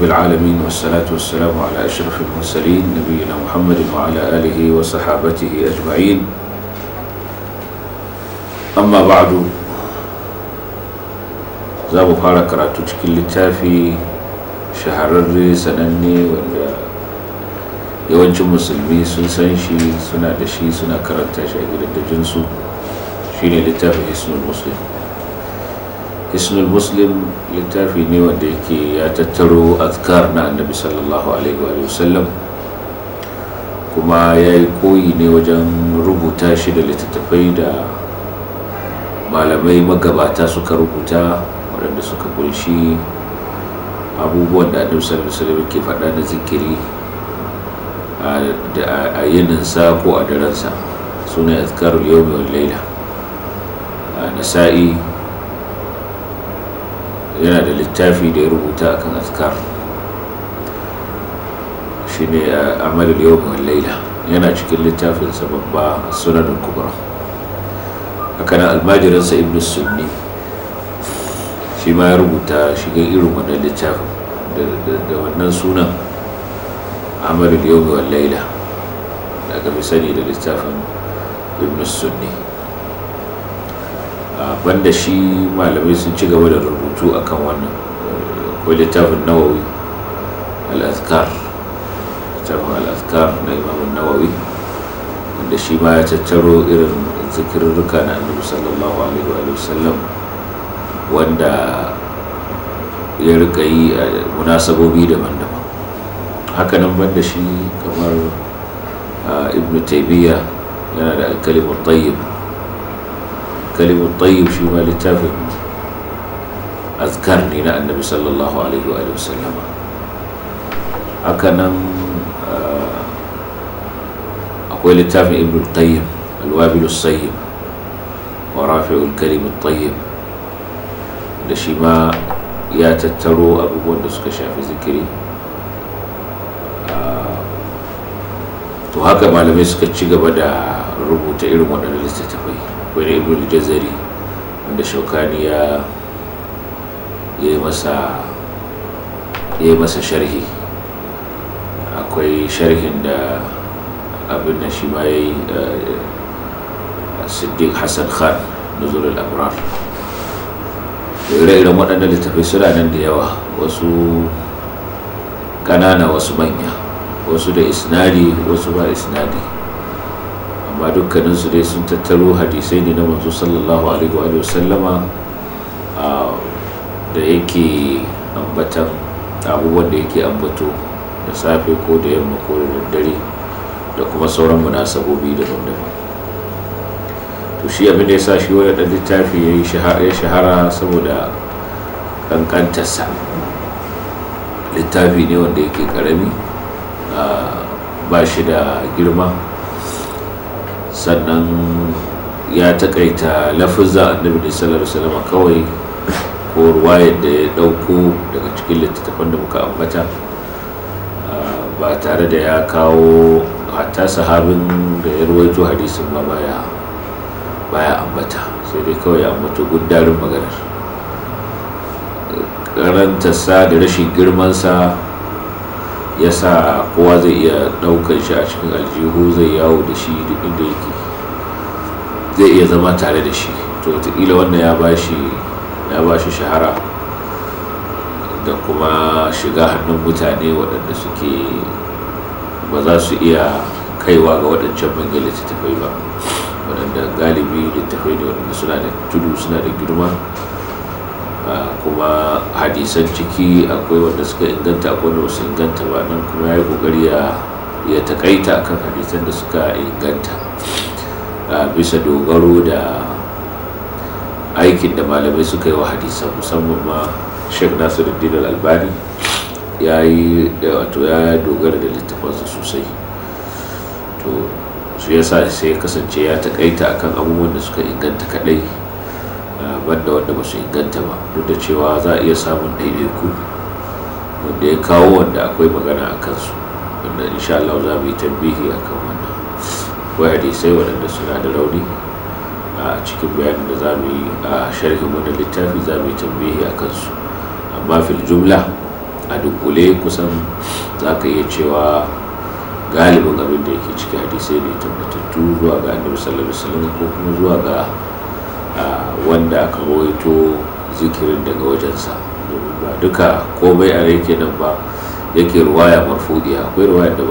رب العالمين والصلاة والسلام على أشرف المرسلين نبينا محمد وعلى آله وصحابته أجمعين أما بعد زابو قال كراتو تكل تافي شهر الري سنني ولا يوجه مسلمي سن سنشي سنة دشي سنة شيني لتافي اسم المسلم hisnul muslim littafi ne wanda yake ya tattaro azkar na annabi sallallahu alaihi wa sallam kuma ya yi koyi ne wajen rubuta shi da littattafai da malamai magabata suka rubuta waɗanda suka kunshi abubuwan da annabi sallallahu alaihi ke faɗa na zikiri a yininsa ko a daransa sunan azkarul yawmi wal a nasa'i yana da littafi da ya rubuta akan azkar shine eh, amalul da wal layla yana cikin littafin sa babba sunanul kubra haka nan almajirin sa sunni shi ma ya rubuta shiga irin wannan littafin da wannan sunan Amadu da wal layla daga bisani da littafin ibnu sunni banda shi malamai sun ci gaba da rubutu akan wannan ko littafin nawawi al-azkar littafin al-azkar na imamun nawawi wanda shi ma ya tattaro irin zikirruka na annabi sallallahu alaihi wa sallam wanda ya rika yi a munasabobi daban-daban hakanan banda shi kamar ah, ibn taibiyya yana da alkalimin tayyib alkalimu tayyib shi ma littafin azkar ne na annabi sallallahu alaihi wa sallam haka nan akwai littafin ibn tayyib alwabilu sayyib wa rafi'ul kalimu tayyib da shi ma ya tattaro abubuwan da suka shafi zikiri to haka malamai suka ci gaba da rubuta irin waɗannan littattafai Wani na jazari wanda shaukani ya yi masa sharhi akwai sharhin da abin da shi ma ya yi eh, siddiq hassan khan nuzulul abrar ire-iren waɗannan littafai suna nan da yawa wasu ƙanana wasu manya wasu da isnadi wasu ba isnadi amma dukkaninsu dai sun tattaro hadisai ne na manzo sallallahu alaihi wa sallama da yake ambatan abubuwan da yake ambato da safe ko da yamma ko da dare da kuma sauran munasabobi da daban to shi abin da ya sa shi wani ɗan littafi ya yi shahara saboda ƙanƙantarsa littafi ne wanda yake karami ba shi da girma sannan ya takaita lafuzza annabi da sallallahu alaihi wasallam kawai ko ruwayar da ya dauko daga cikin littattafan da muka ambata ah, ba tare da ya kawo hatta sahabin da ya ruwaito hadisin ba baya baya ambata sai dai kawai ambata gundarin maganar karanta sa da rashin girman sa yasa kowa zai iya daukar shi a cikin aljihu zai yawo da shi duk inda yake zai iya zama tare da shi to wataƙila wannan ya bashi ya bashi shahara da kuma shiga hannun mutane waɗanda suke ba za su iya kaiwa ga waɗancan manyan littattafai ba waɗanda galibi littattafai da waɗanda suna da tudu suna da girma kuma hadisan ciki akwai wanda suka inganta akwai wanda su inganta ba nan kuma ya yi kokari ya takaita kan hadisan da suka inganta bisa dogaro da aikin da malamai suka yi wa hadisan musamman ma sheikh nasiruddin al-albani ya yi wato ya dogara da littafansa sosai to su yasa sai ya kasance ya takaita akan abubuwan da suka inganta kadai banda wanda ba su inganta ba duk da cewa za a iya samun daidaiku wanda ya kawo wanda akwai magana a kansu wanda insha Allah za mu yi tambihi a kan wannan akwai hadisai waɗanda suna da rauni a cikin bayanin da za mu yi a sharhin wanda littafi za mu yi tambihi a kansu amma fil jumla a dunkule kusan za ka iya cewa galibin abin da yake cikin hadisai ne tabbatattu zuwa ga annabi sallallahu alaihi wasallam ko kuma zuwa ga wanda aka rawaito zikirin daga wajensa ba duka komai a yake nan ba yake ruwaya marfudiya akwai ruwaya da